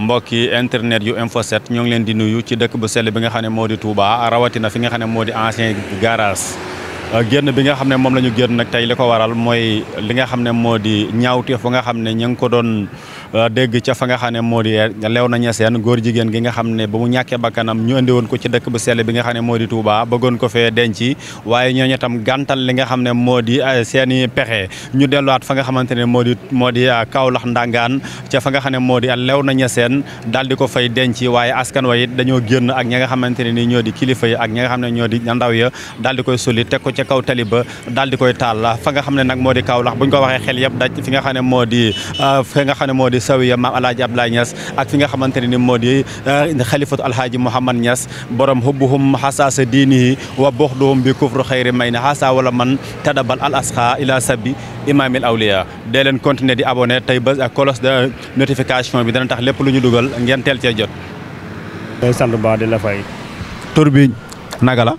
mbokki internet yu info 7 ñoo ngi leen di nuyu ci dëkk bu sell bi nga xam ne moo di Touba rawatina fi nga xam ne moo di ancien garage Euh, génn bi nga xam ne moom lañu ñu génn nag tey li ko waral mooy li nga xam ne moo di ñaawteef ba nga xam ne ñu ngi ko doon euh, dégg ca fa nga xam ne moo di lew na ñeseen góor jigéen gi nga xam ne ba mu ñàkkee bakkanam ñu indi woon ko ci dëkk bu sell bi nga xam ne moo di bëggoon ko fee denc waaye ñooñu tam gàntal li nga xam ne moo di euh, seen i pexe ñu delluwaat fa nga xamante ne moo di moo di Kaolack Ndangaan ca fa nga xam ne moo di lew na ñeseen daal di ko fay denc waaye askan wa it dañoo génn ak ñi nga xamante ne nii ñoo di kilifa yi ak ñi nga xam ne ñoo di ndaw ya daal koy suli teg ko ca kaw tali ba daal di koy taal fa nga xam ne nag moo di Kaolack bu ñu ko waxee xel yëpp daj fi nga xam ne moo di euh, fi nga xam ne moo di sawiya maam alhaaji Abdoulaye Niass ak fi nga xamante ne ni moo di euh, xalifatu alhaaji Mouhamad Niass borom hubbuhum xasaasa diinihi wa buxduhum bi kufru xayri may na xaasa wala man tadabal al asqa ila sabi imaamil awliya dee leen continuer di abonné tey ba ak cloche de notification bi dana tax lépp lu ñu dugal ngeen teel cee jot. ngay sant la fay. tur la.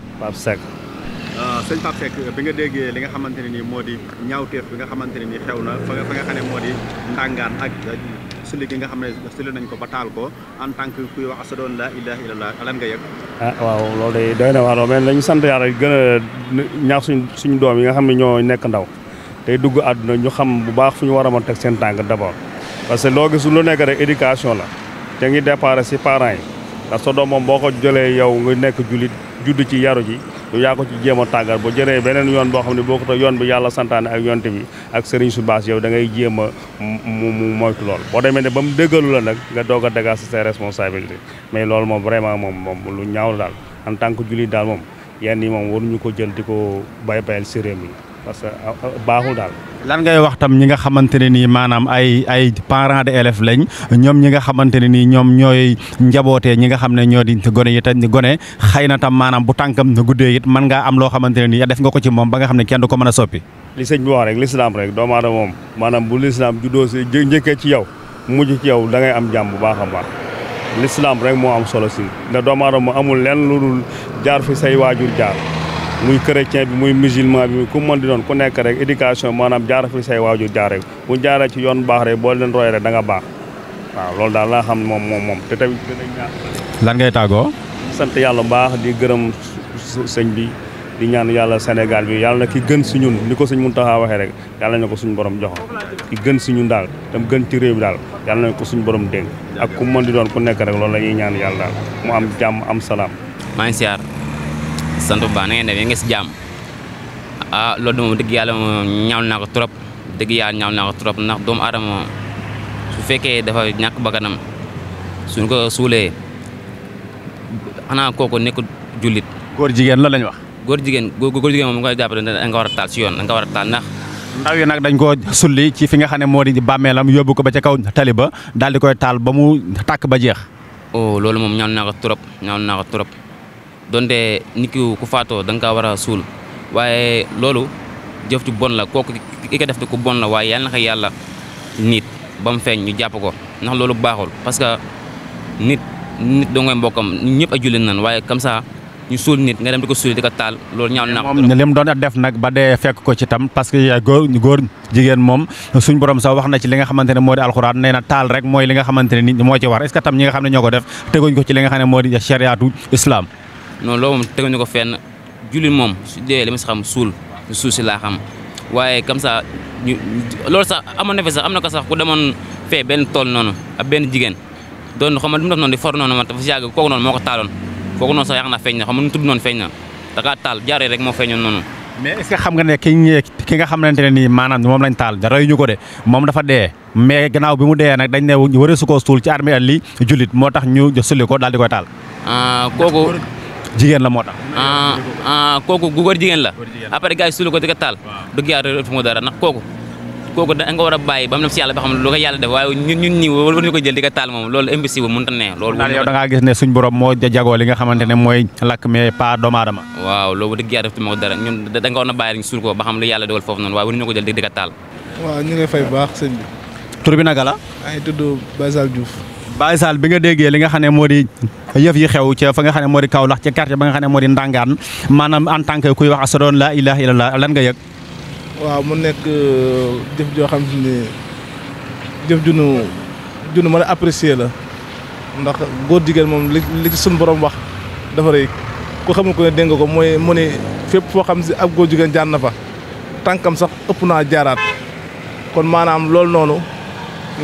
sëñ Pape Seck bi nga déggee li nga xamante ne nii moo di ñaawteef bi nga xamante ne nii xew na fa nga fa nga xam moo di ndàngaan ak sëli gi nga xam ne sëli nañ ko ba taal ko en tant que kuy wax asadoon laa ilaha illallah lan nga yëg ah waaw loolu day doy na waar mais lañu sant yàlla gën a ñaax suñ suñu doom yi nga xam ne ñoo nekk ndaw te dugg àdduna ñu xam bu baax fu ñu war a mën teg seen tànk d'abord parce que loo gis lu nekk rek éducation la te yi ndax sa doom moom boo ko jëlee yow nekk jullit judd ci yaru ji yow yaa ko ci jéem a tàggat ba jëree beneen yoon boo xam ne boo ko yoon bi yàlla santaane ak yonte bi ak sëriñ su baas yow da ngay a mu mu moytu lool boo demee ne ba mu dëggalu la nag nga doog a dégager ses responsabilités mais loolu moom vraiment moom moom lu ñaaw la daal en tant que jullit daal moom yenn yi moom waruñu ko jël di ko bay bayal si réew parce que euh, euh, baaxul daal. lan ngay wax tam ñi nga xamante ne nii maanaam ay ay parents de élèves lañ ñoom ñi nga xamante ne nii ñoom ñooy njabootee ñi nga xam ne ñoo di gone yi te gone xëy na tam maanaam bu tànkam guddee it mën ngaa am loo xamante ne nii def nga ko ci moom ba nga xam ne kenn du ko mën a soppi. li sëñ bi wax rek lislaam rek doomu aadama moom maanaam bu lislaam juddoo si njëkkee ci yow mujj ci yow da ngay am jàmm bu baax a baax lislaam rek moo am solo si nda doomu aadama amul lenn lu dul jaar fi say waajur jaar. muy chrétien bi muy musulman bi ku mën di doon ku nekk rek éducation maanaam jaara fi say waajur jaare bu jaaree ci yoon baax rek boo leen royee rek da baax waaw loolu daal laa xam ne moom moom moom te tamit gën ñaan lan ngay tàggoo sant yàlla baax di gërëm sëñ bi di ñaan yàlla Sénégal bi yàlla na ki gën si ñun ni ko sëñ Mountakha waxee rek yàlla na ko suñu borom joxo ki gën si ñun daal tam gën ci réew bi daal yàlla na ko suñu borom dénk ak ku mën di doon ku nekk rek loolu la ñuy ñaan yàlla daal moo am jàmm am salaam maa sant bu baax na ngeen def yéen ngi si jàmm ah loolu de dëgg yàlla moom ñaaw naa ko yàlla ñaaw naa ko trop ndax doomu aadama fekkee dafa ñàkk bakkanam ko suulee xanaa kooku nekkul jullit. góor jigéen la lañ wax. góor jigéen góor jigéen moom mu koy jàppale da nga war a taal a dañ ko sulli ci fi nga xam ne moo di bàmmeelam yóbbu ko ba ca kaw tali ba daal di koy taal ba mu tàkk ba jeex. oh loolu moom ñaaw naa ko trop. donte nit ki ku faatoo da nga kaa war a suul waaye loolu jëf ci bon la kooku ki ko def te ku bon la waaye yàlla na ko yàlla nit ba mu feeñ ñu jàpp ko ndax loolu baaxul parce que nit nit doo ngay mbokkam ñëpp a julli nan waaye comme ça ñu suul nit nga dem di ko suul di ko taal loolu ñaaw na. moom li mu def nag ba dee fekk ko ci tam parce que góor góor jigéen moom suñ borom sax wax na ci li nga xamante moo di alxuraan nee na taal rek mooy li nga xamante moo ci war est ne ñoo def teguñ ko ci ne moo di chariatu non loolu moom teguñu ko fenn jullit moom su dee li xam suul suul si laa xam waaye kam ça ñu sax amoon na fi sax am na ko sax ku demoon fee benn tool noonu a benn jigéen doon xam ma li mu def noonu di for noonu ma dafa moo ko taaloon kooku noonu sax yàq na feeñ na xam tudd noonu feeñ na da taal jaaree rek moo feeñoon noonu. mais est-ce que xam nga ne ki ki nga xamante ne nii maanaam moom lañ taal rey ñu ko de moom dafa dee mais gannaaw bi mu dee nag dañ ne war a su ko suul ci armée li jullit moo tax ñu sulli ko daal di koy taal. Ah, jigéen la moo tax. Ah, ah, kooku gu góor jigéen la. après gars yi suul ko di taal. dëgg yàlla fu mu dara ndax kooku. kooku war a bàyyi ba mu dem si yàlla ba xam mooy lakk mais pas doomu waaw loolu dëgg yàlla def ma dara ñun war a bàyyi rek suul ko ba xam lu yàlla dogal foofu noonu waaye waruñu ko jël di taal waaw Baye Sall bi nga déggee li nga xam ne moo di yëf yi xew ca fa nga xam ne moo di Kaolack ca quartier ba nga xam ne moo di Ndangaan maanaam en tant que kuy wax asadoon laa ilaha illallah lan nga yëg. waaw mu nekk euh, jëf joo xam ne jëf junu junu mën a la ndax góor jigéen moom li ci suñu borom wax dafa rëy ku ko ne dégg nga ko mooy mu ne fépp foo xam si ab góor jigéen jaar na fa tànkam sax ëpp naa jaaraat kon maanaam loolu noonu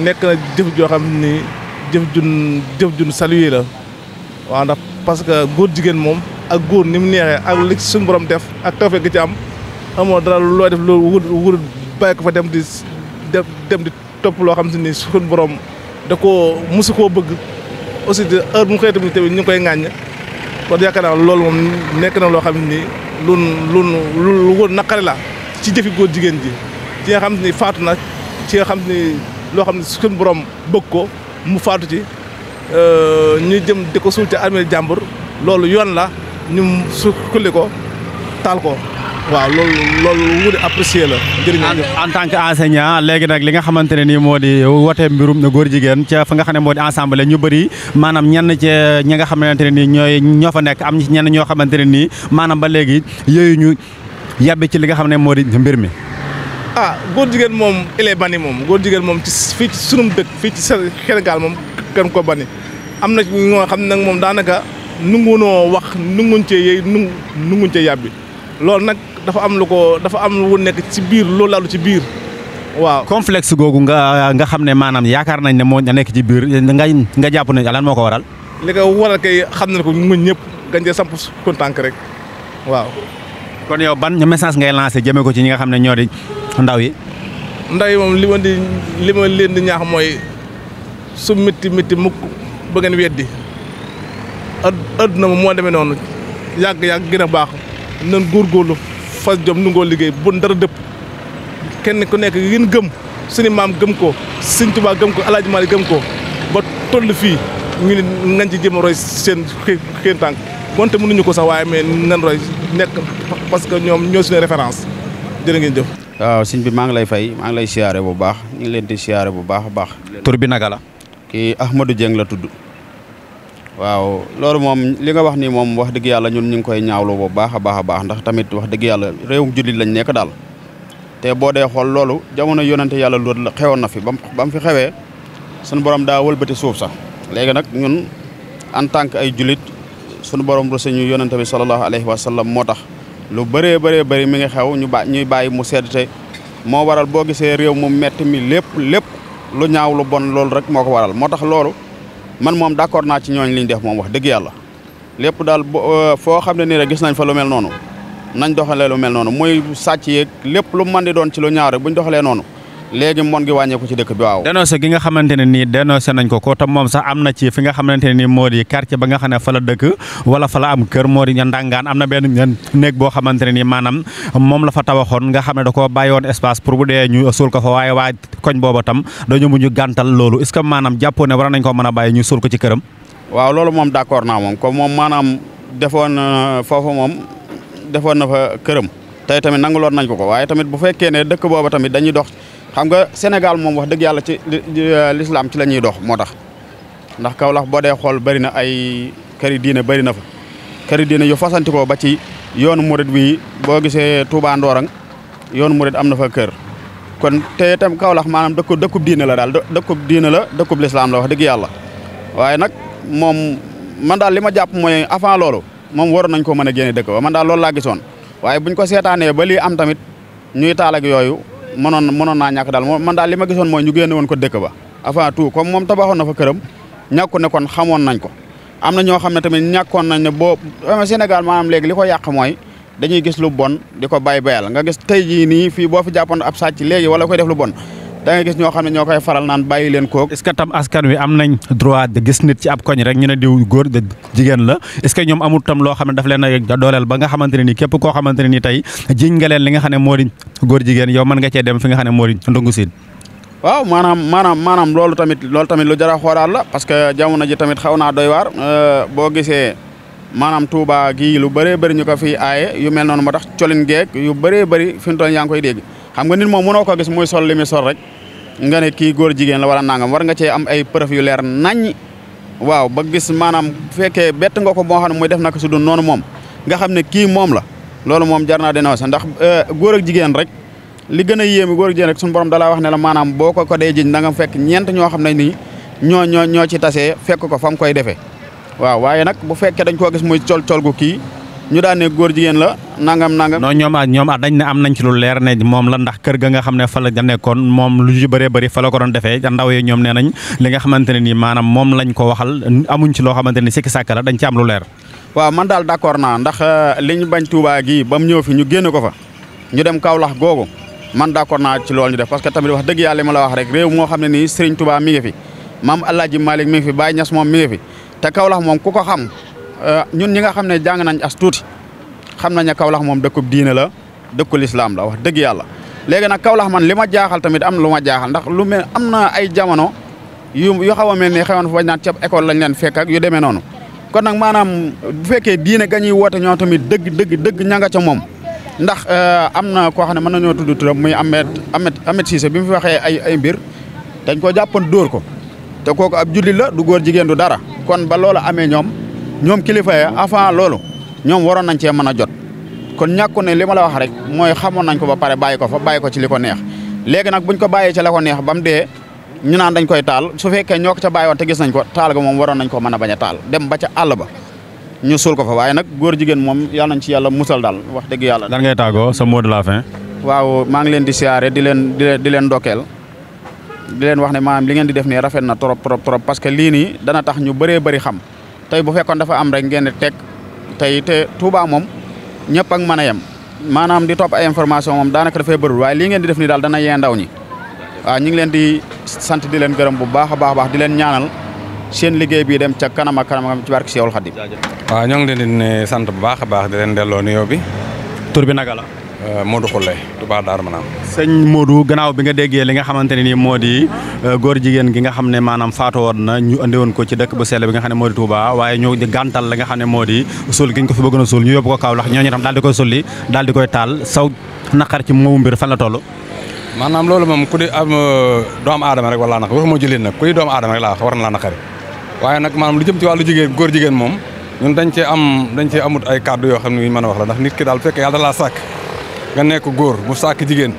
nekk na jëf joo xam jëf jun jëf jun saluer la waaw ndax parce que góor jigéen moom ak góor ni mu neexee ak li suñu borom def ak tawfeeg gi ci am amoo dara looy def loolu wut bàyyi ko fa dem di dem di topp loo xam si ni suñu borom da koo mosu koo bëgg aussi de heure bu mu xëy tamit ñu ngi koy ŋàññ kon yaakaar naa loolu moom nekk na loo xam ni lu lu lu wóor naqari la ci jëfi góor jigéen ji ci nga xam ni faatu nag ci nga xam ni loo xam ne suñu borom bëgg ko mu faatu ci euh, ñu jëm di ko suul ci armée jàmbur loolu yoon la ñu su kulli ko taal ko waaw loolu loolu wu di apprécier la jërëjëf en tant que enseignant léegi nag li nga xamante ne nii moo di wote mbirum na góor jigéen ca fa nga xam ne moo di ensemble ñu bëri maanaam ñenn ci ñi nga xamante ne nii ñooy ñoo fa nekk am ñenn ñoo xamante ne nii maanaam ba léegi yooyu ñu yàbbi ci li nga xam ne moo di mbir mi ah góor jigéen moom il est moom góor jigéen moom ci fii ci sunum dëkk fii ci Sénégal moom kenn ko banni am na ñoo xam ne nag moom daanaka nungunoo wax nunguñ cee yey nu nunguñ cee yàbbi loolu nag dafa am lu ko dafa am lu nekk ci biir loolu laalu ci biir waaw complexe googu nga nga xam ne maanaam yaakaar nañ ne moo nekk ci biir nga nga jàpp ne lan moo ko waral li ko waral kay xam na ko ñun ñëpp gàncax samp kontaan rek waaw kon yow ban message ngay lancé jëmee ko ci ñi nga xam ne ñoo di ndaw yi. ndaw yi moom li ma di li leen di ñaax mooy su métti métti mukk ba ngeen weddi adduna moo demee noonu yàgg yàgg gën a baax nan góorlu fas jom nu ngoo liggéey bu dara dëpp kenn ku nekk ngeen gëm suñu maam gëm ko Sëñ Tuubaa gëm ko Alaaji Maalik gëm ko ba toll fii ñu ne nañ ci jéem a roy seen xëy xëy tànk wante mënuñu ko sax waaye mais nan roy nekk parce que ñoom ñoo suñu référence jërë ngeen jëf. waaw sëñ bi maa ngi lay fay maa ngi lay siyaare bu baax ñu ngi leen di siyaare bu baax a baax. tur bi naka la. kii Ahmadou Dieng la tudd. waaw loolu moom li nga wax ni moom wax dëgg yàlla ñun ñu ngi koy ñaawlu bu baax a baax a baax ndax tamit wax dëgg yàlla réewum jullit lañ nekk daal te boo dee xool loolu jamono yonante yàlla loolu la xewoon na fi ba mu fi xewee suñu borom daa wëlbati suuf sax léegi nag ñun en tant que ay jullit suñu borom ruse ñu yonante bi sallallahu alayhi moo tax lu bëree bëree bëri mi ngi xew ñu ba ñuy bàyyi mu sedd moo waral boo gisee réew mu metti mi lépp lépp lu ñaaw lu bon loolu rek moo ko waral moo tax loolu man moom d'accord naa ci ñooñ li ñu def moom wax dëgg yàlla lépp daal euh, foo xam ne nii rek gis nañ fa lu mel noonu nañ doxalee lu mel noonu muy sàcc yeeg lépp lu mën di doon ci lu ñaaw rek ñu doxalee noonu léegi moon gi wàññeeku ci dëkk bi waaw dénoncé gi nga xamante ne nii dénoncé nañ ko ko te moom sax am na ci fi nga xamante ne nii moo di quartier ba nga xam ne fa la dëkk wala fa la am moo di ña ndàngaan am na benn néeg boo xamante ne nii maanaam moom la fa tawaxoon nga xam da koo bàyyi woon espace pour bu dee ñu suul ko fa waaye waa koñ booba tam dañu mu ñu gàntal loolu est que maanaam jàppoo ne war nañ ko mën a bàyyi ñu suul ko ci këram waaw loolu moom d'accord naa moom comme moom maanaam defoon foofu moom defoon na fa këram tey tamit nanguloon nañ ko ko waaye tamit bu fekkee ne dëkk booba tamit dañuy dox xam nga Sénégal moom wax dëgg yàlla ci euh, lislaam ci la ñuy dox moo tax ndax kawlax boo dee xool bari na ay këri diine bari na fa këri diine yu fasantikoo ba ci yoonu murit bi boo gisee Touba Ndorong yoonu murit am na fa kër kon te itam Kaolack maanaam dëkku dëkkub diine la daal dëkkub diine la dëkkub lislaam la wax dëgg yàlla waaye nag moom man daal li ma jàpp mooy avant loolu moom waroon nañ ko mën a génne dëkk ba man daal loolu laa gisoon waaye buñ ko seetaanee tamit ñuy taal yooyu mënoon mënoon naa ñàkk daal moo man daal li ma gisoon mooy ñu woon ko dëkk ba avant tout comme moom tabaxoon na fa këram ñàkku kon xamoon nañ ko am na ñoo xam ne tamit ñàkkoon nañ ne boo Sénégal am léegi li ko yàq mooy dañuy gis lu bon di ko bay bayal nga gis tey jii nii fii boo fi jàppoon ab sac léegi wala koy def lu bon da ngay gis ñoo xam ne ñoo koy faral naan bàyyi leen koog est-ce que tam askan wi am nañ droit de gis nit ci ab koñ rek ñu ne diw góor de jigéen la est-ce que ñoom amul tam loo xam ne daf leen a dooleel ba nga xamante ne nii képp koo xamante ne nii tey jiñ nga li nga xam ne moo di góor jigéen yow mën nga cee dem fi nga xam ne moo di ndungu siin waaw maanaam maanaam maanaam loolu tamit loolu tamit lu jar a xoolaat la parce que jamono ji tamit xaw naa doy waar euh, boo gisee maanaam tuuba gii lu bëree bëri ñu yu mel noonu moo tax colin geek yu bëree bëri fi mu yaa ngi koy dégg xam nga nit moom mënoo ko gis muy sol li muy nga ne kii góor jigéen la wala nangam war nga cee am ay preuve yu leer nañ waaw ba gis maanaam bu fekkee bett nga ko moo xam ne muy def naka su dul noonu moom nga xam ne kii moom la loolu moom jar naa dina wasa ndax euh, góor ak jigéen rek li gën a yéeme góor ak jigéen rek suñu borom dalaa wax ne la maanaam boo ko dee jiñ da nga fekk ñeent ñoo xam ne nii ñoo ñoo ñoo ci tasee fekk ko fa mu koy defee waaw waaye nag bu fekkee dañ koo gis muy col col gu kii ñu daan ne góor jigéen la nangam nangam. non ñoom ah ñoom ah dañ ne am nañ ci lu leer ne moom la ndax kër ga nga xam ne fa la nekkoon moom lu ci bëree bëri fa la ko doon defee ndaw yi ñoom nee nañ li nga xamante ne nii maanaam moom lañ ko waxal amuñ ci loo xamante ne sikki sàkk la dañ ci am lu leer. waaw man daal d'accord naa ndax euh, li ñu bañ Touba gii ba mu ñëw fi ñu génn ko fa ñu dem Kaolack googu man d'accord naa ci loolu ñu def parce que tamit wax dëgg yàlla ma la wax rek réew xam ne nii Serigne Touba mi ngi fi maam El Hadj Malick moom mi ngi te Kaolack moom ku ko xam Euh, ñun ñi nga xam ne jàng nañ as tuuti xam nañ ne Kaolack moom dëkkub diine la dëkkul islam la wax dëgg yàlla. léegi nag Kaolack man li ma jaaxal tamit am lu ma jaaxal ndax lu mel am na ay jamono yu yu xaw a mel ni xewoon fa bañ naan ceeb école lañ leen fekk ak yu demee noonu. kon nag maanaam bu fekkee diine ga ñuy woote ñoo tamit dëgg dëgg dëgg ña nga ca moom ndax euh, am na koo xam ne mën nañoo tudd turam muy Ahmed Ahmed Ahmed Cissé bi mu fi waxee ay ay mbir dañ ko jàppoon dóor ko te kooku ab jullit la du góor jigéen du dara kon ba loola amee ñoom. ñoom kilifa ya avant loolu ñoom waroon nañ cee mën a jot kon ñàkku ne li ma la wax rek mooy xamoon nañ ko ba pare bàyyi ko fa bàyyi ko ci li ko neex léegi nag buñ ko bàyyee ci la ko neex ba mu dee ñu naan dañ koy taal su fekkee ñoo ca bàyyi woon gis nañ ko taal ga moom waroon nañ ko mën a bañ a taal dem ba ca àll ba ñu suul ko fa waaye nag góor jigéen moom yal nañ ci yàlla musal daal wax dëgg yàlla. lan ngay tàggoo sa mot de la fin. waaw maa ngi leen di siyaare di leen di leen di leen ndokkeel di leen wax ne maanaam li ngeen di def nii rafet na trop trop trop parce que lii nii dana tax ñu bëree bëri xam tey bu fekkoon dafa am rek ngeen di teg tey te Touba moom ñëpp ak mën a yem maanaam di topp ay information moom daanaka dafay bërul waaye lii ngeen di def nii daal dana yee ndaw ñi waaw ñu ngi leen di sant di leen gërëm bu baax a baax baax di leen ñaanal seen liggéey bii dem ca kanam ak kanam ci barke Seexul Xadim waaw ñoo ngi leen di sant bu baax a baax di leen delloo nuyoo bi tur bi naka la Euh, Modou Khoule Touba Darou Manam. sëñ Modou gannaaw bi nga déggee li nga xamante ne nii moo di euh, góor jigéen gi nga xam ne maanaam faatu woon na ñu andi woon ko ci dëkk bu seele bi nga xam ne moo di Touba waaye ñu gàntal la nga ne moo di suul gi ñu ko fi bëggoon a suul ñu yóbbu ko Kaolack ñooñu daal di koy sulli daal di koy taal saw naqar ci moomu mbir fan la toll. maanaam loolu moom ku di am euh, doomu aadama rek wala naqar waxuma jullit nag ku di doomu aadama rek laa war na laa naqari waaye nag maanaam lu jëm ci wàllu jigéen moom ñun dañ cee am dañ cee amut ay kàddu yoo xam ne a wax ki daal fekk yàlla da laa nga nekk góor mu sàkk jigéen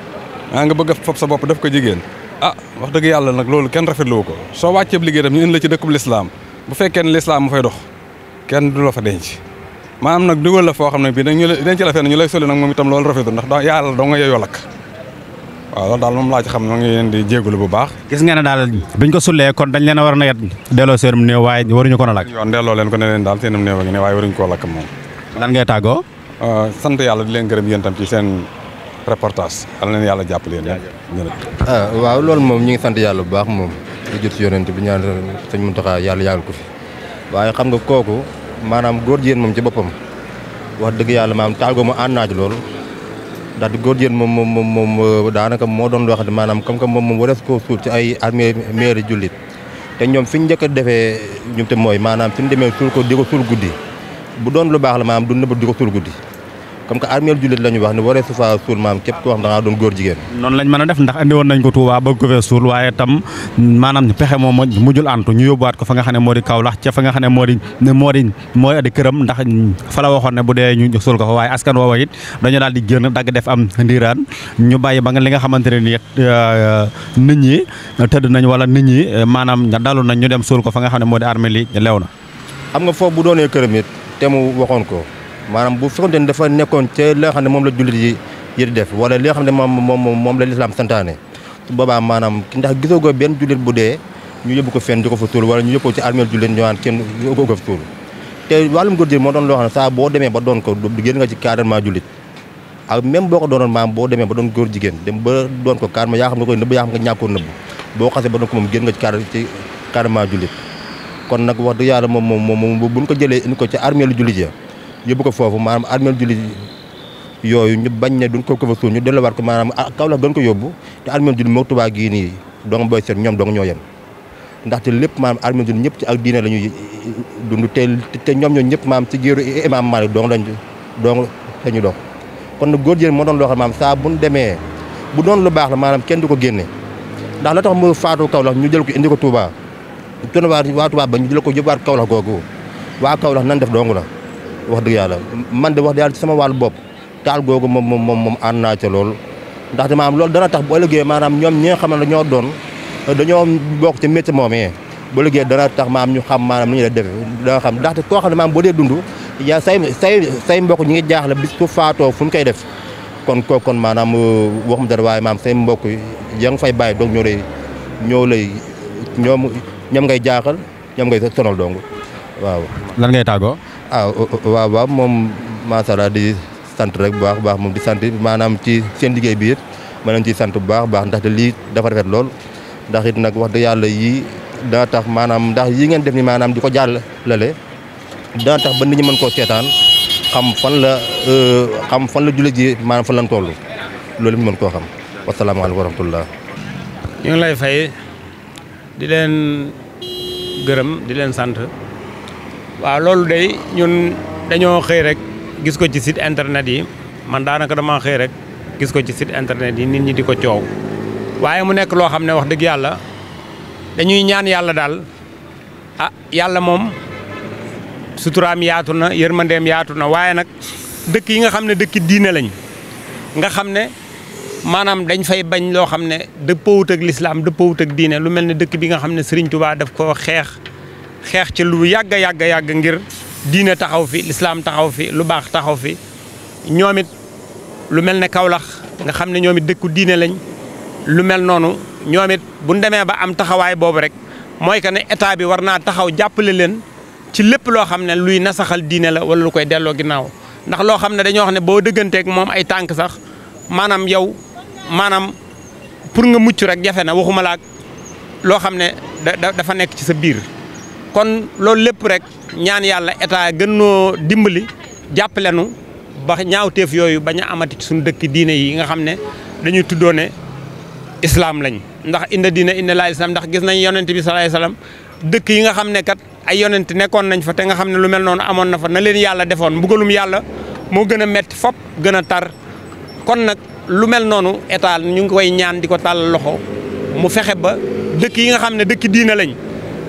maa ah nga bëgg a sa bopp def ko jigéen ah wax dëgg yàlla nag loolu kenn rafetlu ko soo wàcceeb liggéey tam ñu indi la ci dëkkub lislaam bu fekkee ne lislaam mu fay dox kenn du la fa denc maanaam nag dugal la foo xam ne bii dañu denc la fenn ñu lay soli nag moom itam loolu rafetul ndax da yàlla doo nga lakk waaw loolu daal moom laa ci xam ne ma ngi leen di jégalu bu baax gis ngeen ne daal biñ ko sullee kon dañ leen a war na yet delloo seenum néew yoon delloo leen ko ne leen daal seenum Euh, sant yàlla di leen gërëm yéen tam ci seen reportage al leen yàlla jàppale yéen ah waaw loolu moom ñu ngi sant yàlla bu baax moom di jot si yonent bi ñaan sëñ Muntaxa yàlla yàggal ko fi waaye xam nga kooku maanaam góor jigéen moom ci boppam wax dëgg yàlla maanaam tàggoo ma ànd naa loolu ndax di góor jigéen moom moom moom euh, daanaka moo doon wax maanaam comme que moom moom warees koo suul ci ay armée mairie jullit te ñoom fi ñu njëkk defee ñoom te mooy maanaam fi ñu demee suul ko di ko suul guddi bu doon lu baax la maam du nëbbat di ko suul guddi comme que armeel jullit la wax ne waree su faa suul maam képp ko wax da ngaa doon góor jigéen. noonu lañ mën a def ndax andi woon nañ ko fa nga xam ne moo di Kaolack ca fa nga xam ne moo di moo di mooy adi këram fa la waxoon ne bu dee ñu suul ko fa waaye askan woowa it dañu daal di génn dagg def am ndiiraan ñu bàyyi ba nga li nga xamante ne nii euh, nit ñi tëdd nañ wala nit ñi euh, maanaam dalu nañ ñu dem suul ko fa nga xam ne moo di armeel yi lew na xam nga foofu bu doonee këram it te mu waxoon ko maanaam bu fekkoon ne dafa nekkoon ca li nga xam ne moom la jullit yi yi di def wala li xam ne moom moom moom la lislaam santaane su boobaa maanaam ndax gisoo ko benn jullit bu dee ñu yóbbu ko fenn di ko fa tuul wala ñu yóbbu ko ci armeel jullit ñu kenn yóbbu ko fa tuul te wàllum góor moo doon loo xam saa boo demee ba doon ko génn nga ci carrément jullit ak même boo ko doonoon maam boo demee ba doon góor jigéen dem ba doon ko carrément yaa xam nga koy boo xasee ba doon ko moom génn nga ci carrément kon nag wax dëgg yàlla moom moom moom buñ ko jëlee indi ko ci armeelu jullit ya yóbbu ko foofu maanaam armeelu jullit yooyu ñu bañ ne duñ ko ko fa ñu delluwaat ko maanaam kaw la gën ko yóbbu te armeelu jullit moo Tuubaa gii nii dong booy ñoom dong ñoo yem ndaxte lépp maanaam armeelu jullit ñëpp ci ak diine la ñuy dund te te ñoom ñoo ñëpp maam ci géeru imaam Maalik dong lañ dong la ñu dox kon nag góor jigéen moo doon loo xam maam saa buñ demee bu doon lu baax la maanaam kenn du ko génne ndax la tax mu faatu kaw la ñu jël ko indi ko Tuubaa Toneu Waar waa Touba ba ñu jël ko yóbbu waat Kaolack googu waa Kaolack nan def dong la wax dëgg yàlla man de wax dëgg yàlla ci sama wàllu bopp taal googu moom moom moom moom ànd naa ca loolu ndaxte maanaam lool dana tax bu ëllëgee maanaam ñoom ñi nga xam ne dañoo doon dañoo bokk ci métier moomee bu ëllëgee dana tax maam ñu xam maanaam ni ñu la defee danga xam ndaxte koo xam maam boo dee dund yaa say say say mbokk ñu ngi jaaxle bis ku faatoo fu ñu koy def kon koo kon maanaam euh, mu dara waaye maam say mbokk ya nga fay bàyyi donc ñoo lay ñoo lay ñoom ñoom ngay jaaxal ñoom ngay sonal dong waaw. lan ngay tàggoo. ah waaw waaw moom macha allah di sant rek bu baax baax moom di sant maanaam ci seen liggéey biir it ma ciy sant bu baax baax ndaxte lii dafa rafet lool ndax it nag wax dëgg yàlla yii dana tax maanaam ndax yi ngeen def ni maanaam di ko jàllale dana tax ba nit ñi mën koo seetaan xam fan la euh, xam fan la jullit ji maanaam fan lañ toll loolu mi mën koo xam wasalaamaaleykum wa rahmatullah ñu ngi lay fay. di leen gërëm di leen sant waaw loolu day ñun dañoo xëy rek gis ko ci site internet yi man daanaka dama xëy rek gis ko ci site internet yi nit ñi di ko coow waaye mu nekk loo xam ne wax dëgg yàlla dañuy ñaan yàlla daal ah yàlla moom suturaam yaatu na yërmandeem yaatu na waaye nag dëkk yi nga xam ne dëkki diine lañ nga xam ne maanaam dañ fay bañ loo xam ne dëppoowut ak lislaam dëppoowut ak diine lu mel ne dëkk bi nga xam ne Serigne Touba daf ko xeex xeex ci lu yàgg a yàgg yàgg ngir diine taxaw fi lislaam taxaw fi lu baax taxaw fi ñoom it lu mel ne Kaolack nga xam ne ñoom it dëkku diine lañ lu mel noonu ñoom it bu ñu demee ba am taxawaay boobu rek mooy que ne état bi war naa taxaw jàppale leen ci lépp loo xam ne luy nasaxal diine la wala lu koy delloo ginnaaw ndax loo xam ne dañoo xam ne boo dëgganteeg moom ay tànk sax maanaam yow. maanaam pour nga mucc rek jafe na waxuma laak loo xam ne dafa nekk ci sa biir kon loolu lépp rek ñaan yàlla état gën noo dimbali jàppale nu ba ñaawteef yooyu bañ a amati ci suñu dëkk diine yi nga xam ne dañuy tuddoo ne islaam lañ ndax inda diina indi laa islaam ndax gis nañ yonent bi salaay salaam dëkk yi nga xam ne kat a yonent nekkoon nañ fa te nga xam ne lu mel noonu amoon na fa na leen yàlla defoon mbugalum yàlla moo gën a metti fop gën a tar lu mel noonu état ñu ngi koy ñaan di ko tàll loxo mu fexe ba dëkk yi nga xam ne dëkk diina lañ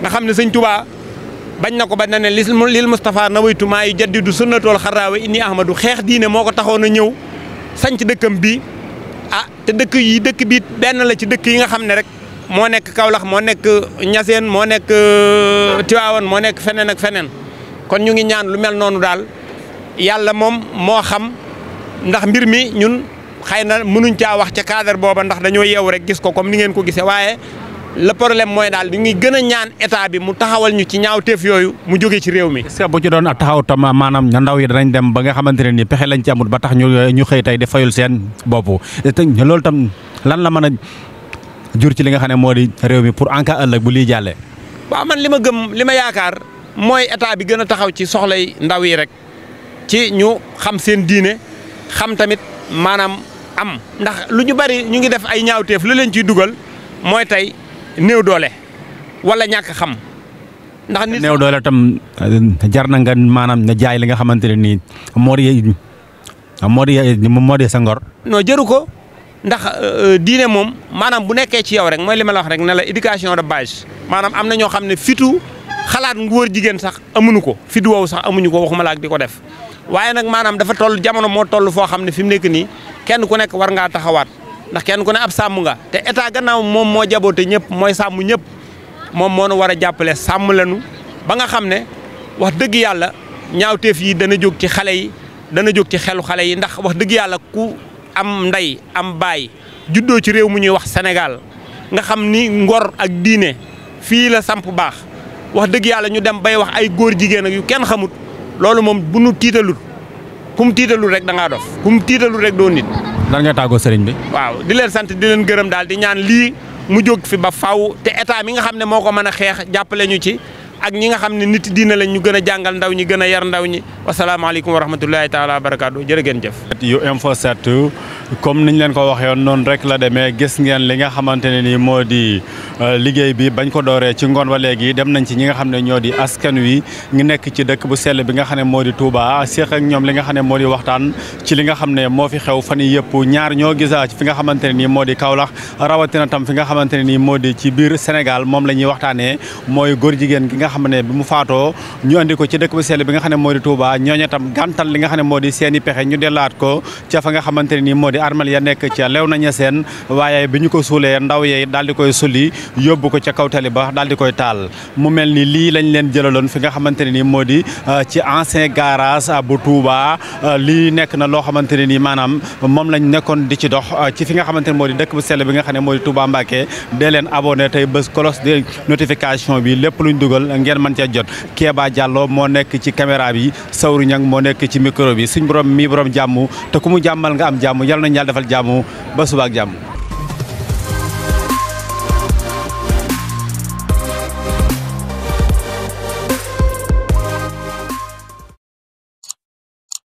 nga xam ne sëñ Tuubaa bañ na ko ba na ne lil Moustapha nawaytu maa yu jaddidu sunnatool xaraawe inni ahmadu xeex diine moo ko taxoon a ñëw sanc dëkkam bii ah te dëkk yi dëkk bi benn la ci dëkk yi nga xam ne rek moo nekk Kaolack moo nekk Ñaseen moo nekk euh, Tiwaawan moo nekk feneen ak feneen kon ñu ngi ñaan lu mel noonu daal yàlla moom moo xam ndax mbir mi xay na mënuñ caa wax ca cadre booba ndax dañoo yeewu rek gis ko comme ni ngeen ko gisee waaye le problème mooy daal ñu ngi gën a ñaan état bi mu taxawal ñu ci ñaaw teef yooyu mu jóge ci réew mi. est-ce que bu ci doon taxaw tam maanaam ndaw yi danañ dem ba nga xamante ne nii pexe lañ ci amut ba tax ñu ñu xëy tey di fayul seen bopp te loolu tam lan la mën a jur ci li nga xam ne moo di réew mi pour en cas bu lii jaale waaw man li ma gëm li ma yaakaar mooy état bi gën a taxaw ci soxlay ndaw yi rek ci ñu xam seen diine xam tamit maanaam am ndax lu ñu bari ñu ngi def ay ñaawteef lu leen ciy dugal mooy tey néew doole wala ñàkk xam. ndax nit néew doole tam euh, jar na nga maanaam na jaay li nga xamante ne nii moo yee moo di moo di sa ngor. noo jëru ko ndax euh, diine moom maanaam bu nekkee ci yow rek mooy li ma rek ne la éducation de base maanaam am na ñoo xam ne fitu xalaat ngóor jigéen sax amuñu ko fitu woowu sax amuñu ko waxuma la di ko def. waaye nag maanaam dafa toll jamono moo toll foo xam ne fi nekk nii kenn ku nekk war ngaa taxawaat ndax kenn ku ne ab sàmm nga te état gannaaw moom moo jaboote ñëpp mooy sàmm ñëpp moom moo nu war a jàppale sàmm lañu ba nga xam ne wax dëgg yàlla ñaawteef yi dana jóg ci xale yi dana jóg ci xelu xale yi ndax wax dëgg yàlla ku am ndey am baay juddoo ci réew mu ñuy wax Sénégal nga xam ni ngor ak diine fii la samp baax wax dëgg yàlla ñu dem bay wax ay góor jigéen ak yu kenn xamut. loolu moom bu nu tiitalul ku mu tiitalul rek da ngaa dof ku mu rek doo nit. lan nga tàggoo sëriñ bi. waaw di leen sant di leen gërëm daal di ñaan lii mu jóg fi ba faw te état mi nga xam ne moo ko mën a xeex jàppale ñu ci ak ñi nga xam ne nit diina lañ ñu gën a jàngal ndaw ñi gën a yar ndaw ñi wasalaamaaleykum wa rahmatullahi taala wa barakaatu jërë ngeen jëf. yu info 7 comme niñ leen ko waxee woon noonu rek la demee gis ngeen li nga xamante ne nii moo di euh, liggéey bi bañ ko dooree ci ngoon ba léegi dem nañ ci ñi nga xam ne ñoo di askan wi ngi nekk ci dëkk bu sell bi nga xam ne moo di Touba seeq ak ñoom li nga xam ne moo di waxtaan ci li nga xam ne moo fi xew fan yii yëpp ñaar ñoo gisaa fi nga xamante ne nii moo di Kaolack rawatina tam fi nga xamante ne nii moo di ci biir Sénégal moom la ñuy waxtaanee mooy góor jigéen gi nga xam ne bi mu faatoo ñu andi ko ci dëkk bu sell bi nga xam ne moo di Touba ñooñu tam gàntal li nga xam ne moo di seen i pexe ñu dellaat ko ca fa nga xamante ne nii armel ya nekk ca lew nañu seen waaye bi ñu ko suulee ndaw yee daal di koy suli yóbbu ko ca kaw tali ba daal di koy taal mu mel ni lii lañ leen jëlaloon fi nga xamante ne nii moo di euh, ci ancien garage euh, bu Touba euh, lii nekk na loo xamante ne nii maanaam moom lañ nekkoon di ci dox ci fi nga xamante ne moo di dëkk bu sell bi nga xam ne moo di Touba Mbacké dee leen abonné tey bés cloche de notification bi lépp luñ dugal ngeen mën cee jot Kéba Diallo moo nekk ci caméra bi Sawru moo nekk ci micro bi suñ mi borom nañ yàlla defal jàmm ba suba ak